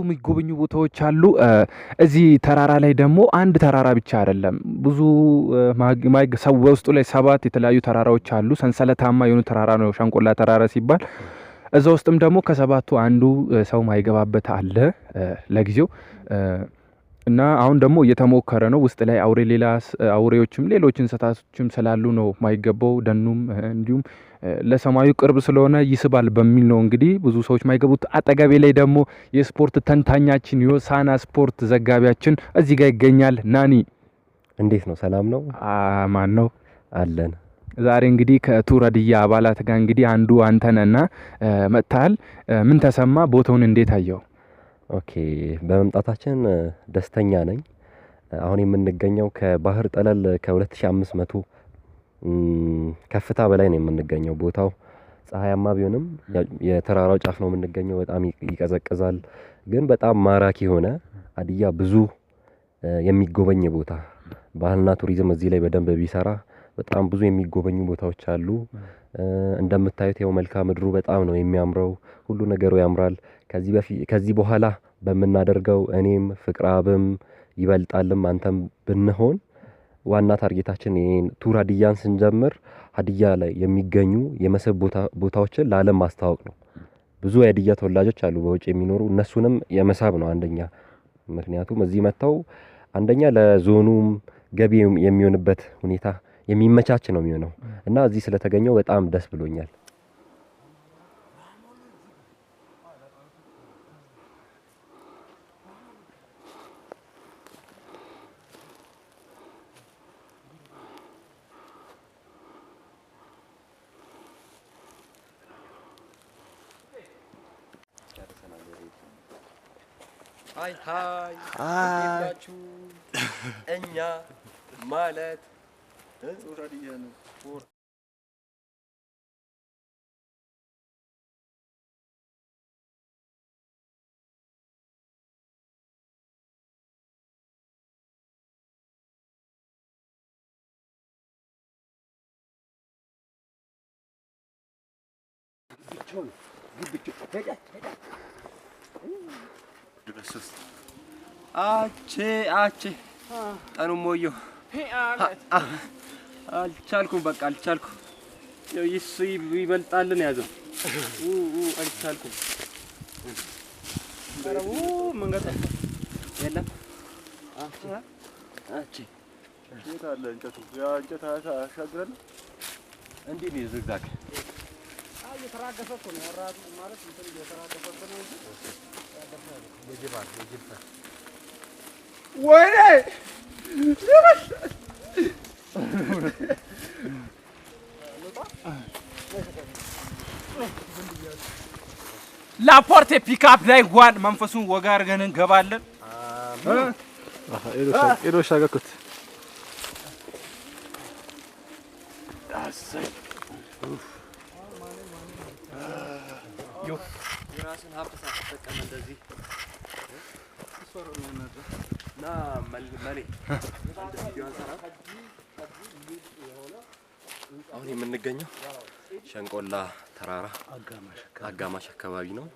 የሚጎበኙ ቦታዎች አሉ። እዚህ ተራራ ላይ ደግሞ አንድ ተራራ ብቻ አይደለም፣ ብዙ ውስጡ ላይ ሰባት የተለያዩ ተራራዎች አሉ። ሰንሰለታማ የሆኑ ተራራ ነው ሸንቆላ ተራራ ሲባል። እዛ ውስጥም ደግሞ ከሰባቱ አንዱ ሰው ማይገባበት አለ ለጊዜው እና አሁን ደግሞ እየተሞከረ ነው። ውስጥ ላይ አውሬ ሌላ አውሬዎችም ሌሎች እንስሳቶችም ስላሉ ነው ማይገባው። ደኑም እንዲሁም ለሰማዩ ቅርብ ስለሆነ ይስባል በሚል ነው እንግዲህ ብዙ ሰዎች ማይገቡት። አጠገቤ ላይ ደግሞ የስፖርት ተንታኛችን የሆሳና ስፖርት ዘጋቢያችን እዚህ ጋር ይገኛል። ናኒ እንዴት ነው? ሰላም ነው? ማን ነው አለን። ዛሬ እንግዲህ ከቱረድያ አባላት ጋር እንግዲህ አንዱ አንተነና መጥታል። ምን ተሰማ? ቦታውን እንዴት አየው? ኦኬ በመምጣታችን ደስተኛ ነኝ። አሁን የምንገኘው ከባህር ጠለል ከ 2500 ከፍታ በላይ ነው የምንገኘው ቦታው ፀሐያማ ቢሆንም የተራራው ጫፍ ነው የምንገኘው በጣም ይቀዘቅዛል። ግን በጣም ማራኪ የሆነ ሀዲያ ብዙ የሚጎበኝ ቦታ ባህልና ቱሪዝም እዚህ ላይ በደንብ ቢሰራ በጣም ብዙ የሚጎበኙ ቦታዎች አሉ። እንደምታዩት ይኸው መልካ ምድሩ በጣም ነው የሚያምረው ሁሉ ነገሩ ያምራል። ከዚህ በፊት ከዚህ በኋላ በምናደርገው እኔም ፍቅራብም ይበልጣልም አንተም ብንሆን ዋና ታርጌታችን ይህን ቱር ሀዲያን ስንጀምር ሀዲያ ላይ የሚገኙ የመስህብ ቦታዎችን ለአለም ማስተዋወቅ ነው። ብዙ የሀዲያ ተወላጆች አሉ በውጭ የሚኖሩ እነሱንም የመሳብ ነው አንደኛ ምክንያቱም እዚህ መጥተው አንደኛ ለዞኑም ገቢ የሚሆንበት ሁኔታ የሚመቻች ነው የሚሆነው እና እዚህ ስለተገኘው በጣም ደስ ብሎኛል هاي هاي هاي انيا مالت Good job. Good job. አቼ አቼ ጠኑ ሞዮ አልቻልኩም፣ በቃ አልቻልኩም። ይሱ ይበልጣልን ያዘው አልቻልኩም። መንገድ የለም። የት አለ እንጨቱ? ያ እንጨት አሻግረን እንዲህ ነው ዝግዛግ ወይኔ ላፖርቴ ፒካፕ ላይ ዋን መንፈሱን ወጋ አድርገን እንገባለን። ሄዶሽ አገኩት ዳሰ እየተጠቀመ እንደዚህ አሁን የምንገኘው ሸንቆላ ተራራ አጋማሽ አካባቢ ነው።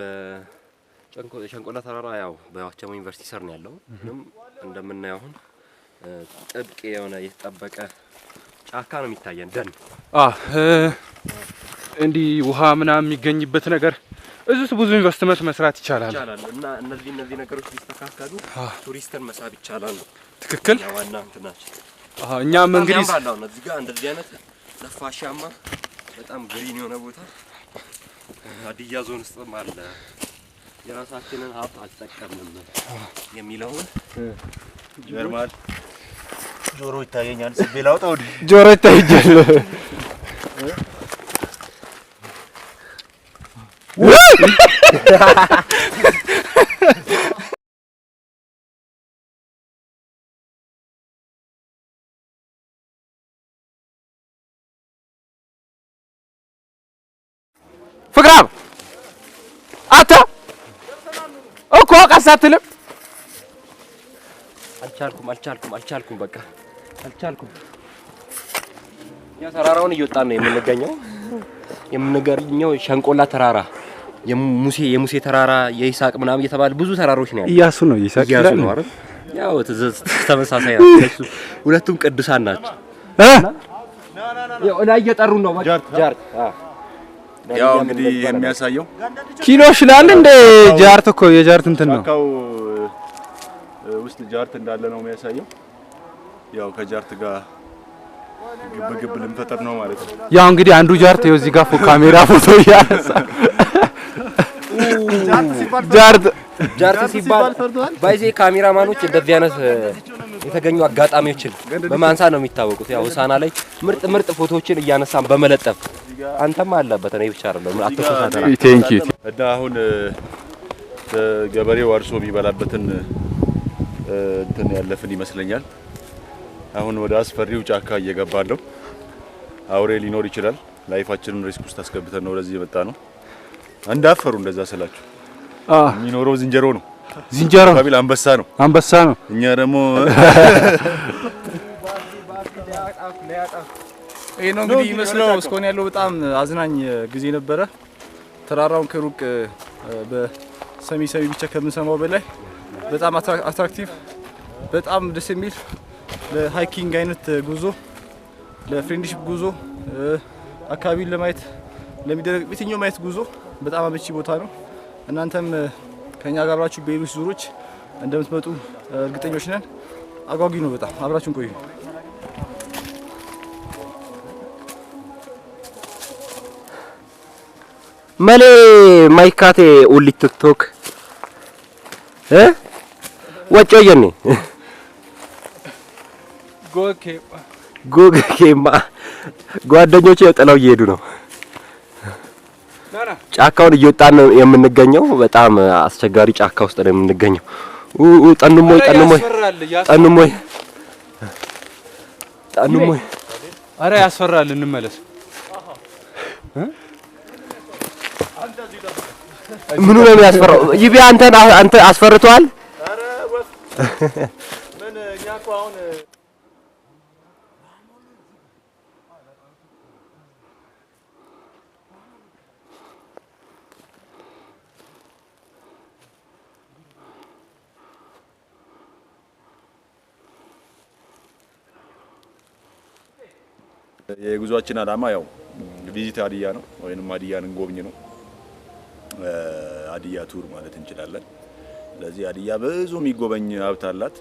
በሸንቆላ ተራራ ያው በዋቸሞ ዩኒቨርሲቲ ስር ነው ያለው። ምንም እንደምናየው አሁን ጥብቅ የሆነ የተጠበቀ ጫካ ነው የሚታየን፣ ደን እንዲህ ውሃ ምናምን የሚገኝበት ነገር እዚህ ብዙ ኢንቨስትመንት መስራት ይቻላል እና እነዚህ እነዚህ ነገሮች ቢስተካከሉ ቱሪስትን መሳብ ይቻላል። ትክክል ዋና እንትናችን እኛም እንግዲህ እዚህ ጋር እንደዚህ አይነት ነፋሻማ በጣም ግሪን የሆነ ቦታ ሀዲያ ዞን ውስጥም አለ። የራሳችንን ሀብት አልጠቀምንም የሚለውን ጀርማል ጆሮ ይታየኛል። ስቤ ላውጣ ወዲህ ጆሮ ይታየኛል ፍቅራም አታ እኮ ቀስ አትልም። አልቻልኩም አልቻልኩም አልቻልኩም በቃ አልቻልኩም። ያ ተራራውን እየወጣን ነው የምንገኘው የምንገኘው ሸንቆላ ተራራ የሙሴ የሙሴ ተራራ የይስሐቅ ምናምን እየተባለ ብዙ ተራሮች ነው ያለው። ኢያሱ ነው ይስሐቅ ይላል ነው አይደል? ያው ተመሳሳይ ነው። ሁለቱም ቅዱሳን ናቸው። ያው ላይ እየጠሩ ነው ጃርት ጃርት። ያው እንግዲህ የሚያሳየው ኪሎሽ ላል እንደ ጃርት እኮ የጃርት እንትን ነው ውስጥ ጃርት እንዳለ ነው የሚያሳየው። ያው ከጃርት ጋር ግብግብ ልንፈጠር ነው ማለት ነው። ያው እንግዲህ አንዱ ጃርት የዚህ ጋር ካሜራ ፎቶ እያነሳ ጃርት ሲባል ባይዜ ካሜራማኖች እንደዚህ አይነት የተገኙ አጋጣሚዎችን በማንሳት ነው የሚታወቁት። ያው ሳና ላይ ምርጥ ምርጥ ፎቶዎችን እያነሳን በመለጠፍ አንተም አለበት። እኔ ብቻ አይደለም አትፈታተና ቴንኪ እና አሁን ገበሬው አርሶ የሚበላበትን እንትን ያለፍን ይመስለኛል። አሁን ወደ አስፈሪው ጫካ እየገባን አውሬ ሊኖር ይችላል። ላይፋችንን ሪስክ ውስጥ አስገብተን ነው ወደዚህ የመጣ ነው። እንዳፈሩ እንደዛ ስላችሁ የሚኖረው ዝንጀሮ ነው፣ ዝንጀሮ ካቢል አንበሳ ነው፣ አንበሳ ነው። እኛ ደግሞ ይሄ ነው እንግዲህ ይመስለው እስካሁን ያለው በጣም አዝናኝ ጊዜ ነበረ። ተራራውን ከሩቅ በሰሚ ሰሚ ብቻ ከምንሰማው በላይ በጣም አትራክቲቭ፣ በጣም ደስ የሚል ለሃይኪንግ አይነት ጉዞ፣ ለፍሬንድሽፕ ጉዞ አካባቢውን ለማየት ለሚደረግ የትኛው ማየት ጉዞ በጣም አመቺ ቦታ ነው። እናንተም ከኛ ጋር አብራችሁ በሌሎች ዙሮች እንደምትመጡ እርግጠኞች ነን። አጓጊ ነው በጣም አብራችሁን ቆዩ። መሌ ማይካቴ ኦሊ ቲክቶክ እ ወጮ የኔ ጎኬ ጎኬ ጓደኞቼ ጥለው እየሄዱ ነው። ጫካውን እየወጣን ነው የምንገኘው። በጣም አስቸጋሪ ጫካ ውስጥ ነው የምንገኘው። ጠንሞይ ጠንሞይ ጠንሞይ ጠንሞይ፣ አረ ያስፈራል። እንመለስ። ምኑ ነው የሚያስፈራው? ይቤ አንተን አንተ አስፈርቷል። የጉዟችን ዓላማ ያው ቪዚት ሀዲያ ነው ወይም ሀዲያን እንጎብኝ ነው። ሀዲያ ቱር ማለት እንችላለን። ስለዚህ ሀዲያ ብዙ የሚጎበኝ ሀብት አላት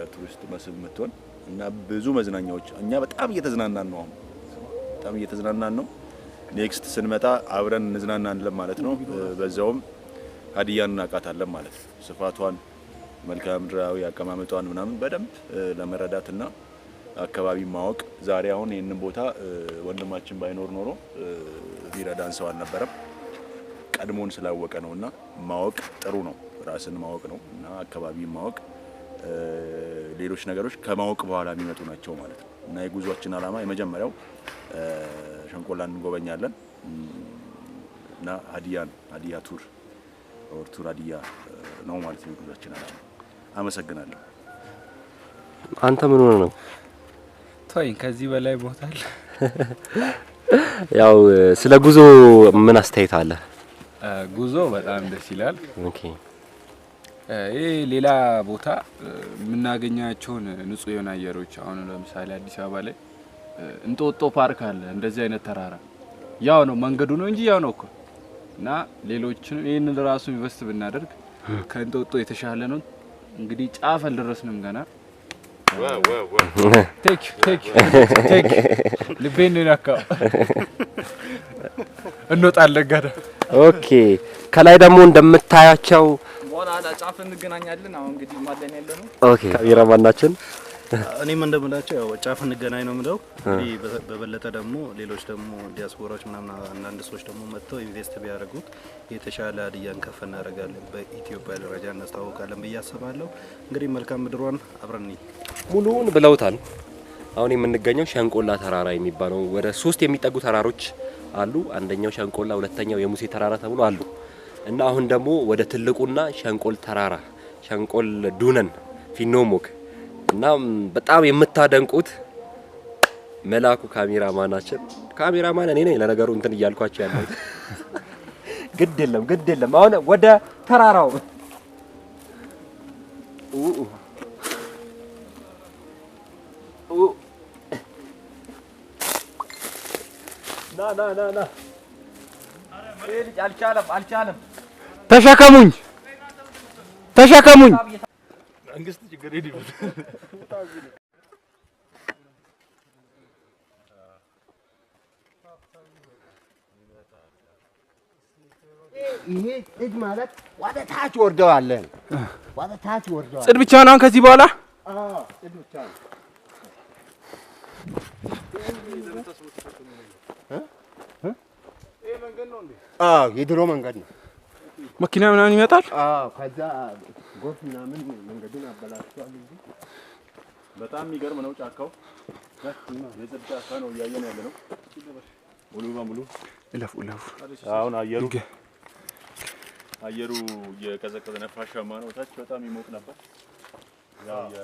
ለቱሪስት መስህብ የምትሆን እና ብዙ መዝናኛዎች እኛ በጣም እየተዝናናን ነው። በጣም እየተዝናናን ነው። ኔክስት ስንመጣ አብረን እንዝናናለን ማለት ነው። በዛውም ሀዲያን እናውቃታለን ማለት ነው። ስፋቷን መልክዓ ምድራዊ አቀማመጧን ምናምን በደንብ ለመረዳትና አካባቢ ማወቅ ዛሬ አሁን ይህንን ቦታ ወንድማችን ባይኖር ኖሮ ሊረዳን ሰው አልነበረም። ቀድሞን ስላወቀ ነው እና ማወቅ ጥሩ ነው። ራስን ማወቅ ነው እና አካባቢ ማወቅ ሌሎች ነገሮች ከማወቅ በኋላ የሚመጡ ናቸው ማለት ነው እና የጉዟችን ዓላማ የመጀመሪያው ሸንቆላን እንጎበኛለን እና ሀዲያን ሀዲያ ቱር ኦር ቱር ሀዲያ ነው ማለት ነው የጉዟችን ዓላማ። አመሰግናለሁ። አንተ ምን ሆነ ነው? ተወኝ፣ ከዚህ በላይ ቦታ አለ። ያው ስለ ጉዞ ምን አስተያየት አለ? ጉዞ በጣም ደስ ይላል። ይህ ሌላ ቦታ የምናገኛቸውን ንጹህ የሆነ አየሮች አሁን ለምሳሌ አዲስ አበባ ላይ እንጦጦ ፓርክ አለ። እንደዚህ አይነት ተራራ ያው ነው መንገዱ ነው እንጂ ያው ነው እኮ እና ሌሎችን ይህንን ራሱ ኢንቨስት ብናደርግ ከእንጦጦ የተሻለ ነው። እንግዲህ ጫፍ አልደረስንም ገና ቴክ ቴክ ቴክ ልቤን ነው የነካው። እንወጣለን ገና። ኦኬ ከላይ ደግሞ እንደምታያቸው ጫፍ እንገናኛለን። አሁን እንግዲህ ማለን ያለ ኦኬ ካሜራማናችን እኔም እንደምላቸው ያው ጫፍ እንገናኝ ነው ምለው። እንግዲህ በበለጠ ደግሞ ሌሎች ደግሞ ዲያስፖራዎች ምናምን አንዳንድ ሰዎች ደግሞ መጥተው ኢንቨስት ቢያደርጉት የተሻለ አድያን ከፍ እናደርጋለን፣ በኢትዮጵያ ደረጃ እናስተዋውቃለን ብዬ አስባለሁ። እንግዲህ መልካም ምድሯን አብረን ሙሉውን ብለውታል። አሁን የምንገኘው ሸንቆላ ተራራ የሚባለው ወደ ሶስት የሚጠጉ ተራሮች አሉ። አንደኛው ሸንቆላ፣ ሁለተኛው የሙሴ ተራራ ተብሎ አሉ እና አሁን ደግሞ ወደ ትልቁና ሸንቆል ተራራ ሸንቆል ዱነን ፊኖሞክ እና በጣም የምታደንቁት መላኩ ካሜራማናችን ካሜራማን እኔ ነኝ። ለነገሩ እንትን እያልኳቸው ያለ ግድ የለም ግድ የለም። አሁን ወደ ተራራው ና ና ና ና አልቻለም አልቻለም። ተሸከሙኝ ተሸከሙኝ መንግስት ችግር ይድበት። ይሄ ጽድ ማለት ወደ ታች ወርደዋለን፣ ወደ ታች ወርደዋለን። ጽድ ብቻ ነው ከዚህ በኋላ ጽድ ብቻ ነው። የድሮ መንገድ ነው። መኪና ምናምን ይመጣል ከዛ ጎት ምናምን መንገዱን አበላሽቷል እንጂ በጣም የሚገርም ነው። ጫካው የጽድ ጫካ ነው እያየን ያለ ነው ሙሉ በሙሉ እለፉ እለፉ። አሁን አየሩ አየሩ የቀዘቀዘ ነፋሻማ ነው። ታች በጣም ይሞቅ ነበር። ከፍታ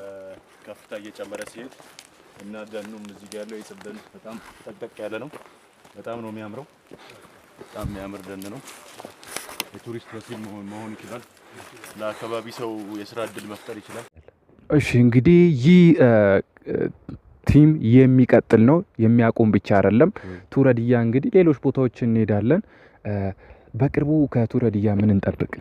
የከፍታ እየጨመረ ሲሄድ እና ደኑም እዚህ ጋር ያለው የጽድ ደን በጣም ጠቅጠቅ ያለ ነው። በጣም ነው የሚያምረው። በጣም የሚያምር ደን ነው። የቱሪስት መስህብ መሆን ይችላል። ለአካባቢ ሰው የስራ እድል መፍጠር ይችላል። እሺ እንግዲህ ይህ ቲም የሚቀጥል ነው የሚያቆም ብቻ አይደለም። ቱረድያ እንግዲህ ሌሎች ቦታዎች እንሄዳለን። በቅርቡ ከቱረድያ ምን እንጠብቅ?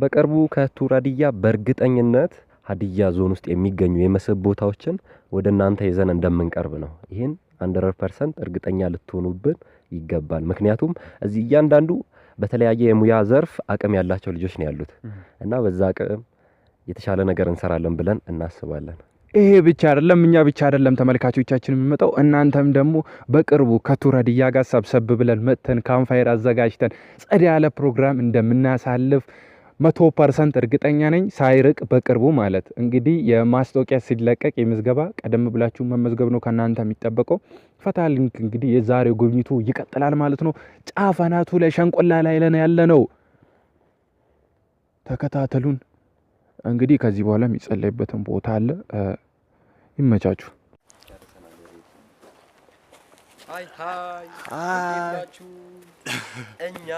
በቅርቡ ከቱረድያ በእርግጠኝነት ሀዲያ ዞን ውስጥ የሚገኙ የመስህብ ቦታዎችን ወደ እናንተ ይዘን እንደምንቀርብ ነው። ይህን አንድ ፐርሰንት እርግጠኛ ልትሆኑብን ይገባል። ምክንያቱም እዚህ እያንዳንዱ በተለያየ የሙያ ዘርፍ አቅም ያላቸው ልጆች ነው ያሉት እና በዛ አቅም የተሻለ ነገር እንሰራለን ብለን እናስባለን። ይሄ ብቻ አይደለም፣ እኛ ብቻ አይደለም ተመልካቾቻችን የምንመጣው እናንተም ደግሞ በቅርቡ ከቱረድያ ጋር ሰብሰብ ብለን መጥተን ካምፋየር አዘጋጅተን ጸድ ያለ ፕሮግራም እንደምናሳልፍ መቶ ፐርሰንት እርግጠኛ ነኝ ሳይርቅ በቅርቡ ማለት እንግዲህ የማስታወቂያ ሲለቀቅ የምዝገባ ቀደም ብላችሁ መመዝገብ ነው ከእናንተ የሚጠበቀው። ፈታ ሊንክ እንግዲህ የዛሬው ጉብኝቱ ይቀጥላል ማለት ነው። ጫፍ ላይ ሸንቆላ ላይ ያለ ነው። ተከታተሉን። እንግዲህ ከዚህ በኋላ የሚጸለይበትን ቦታ አለ። ይመቻችሁ። እኛ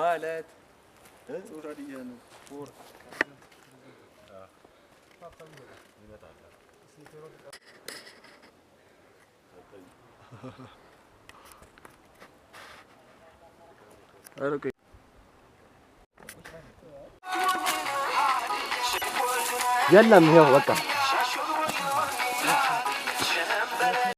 ማለት اوكي يلا هي وقت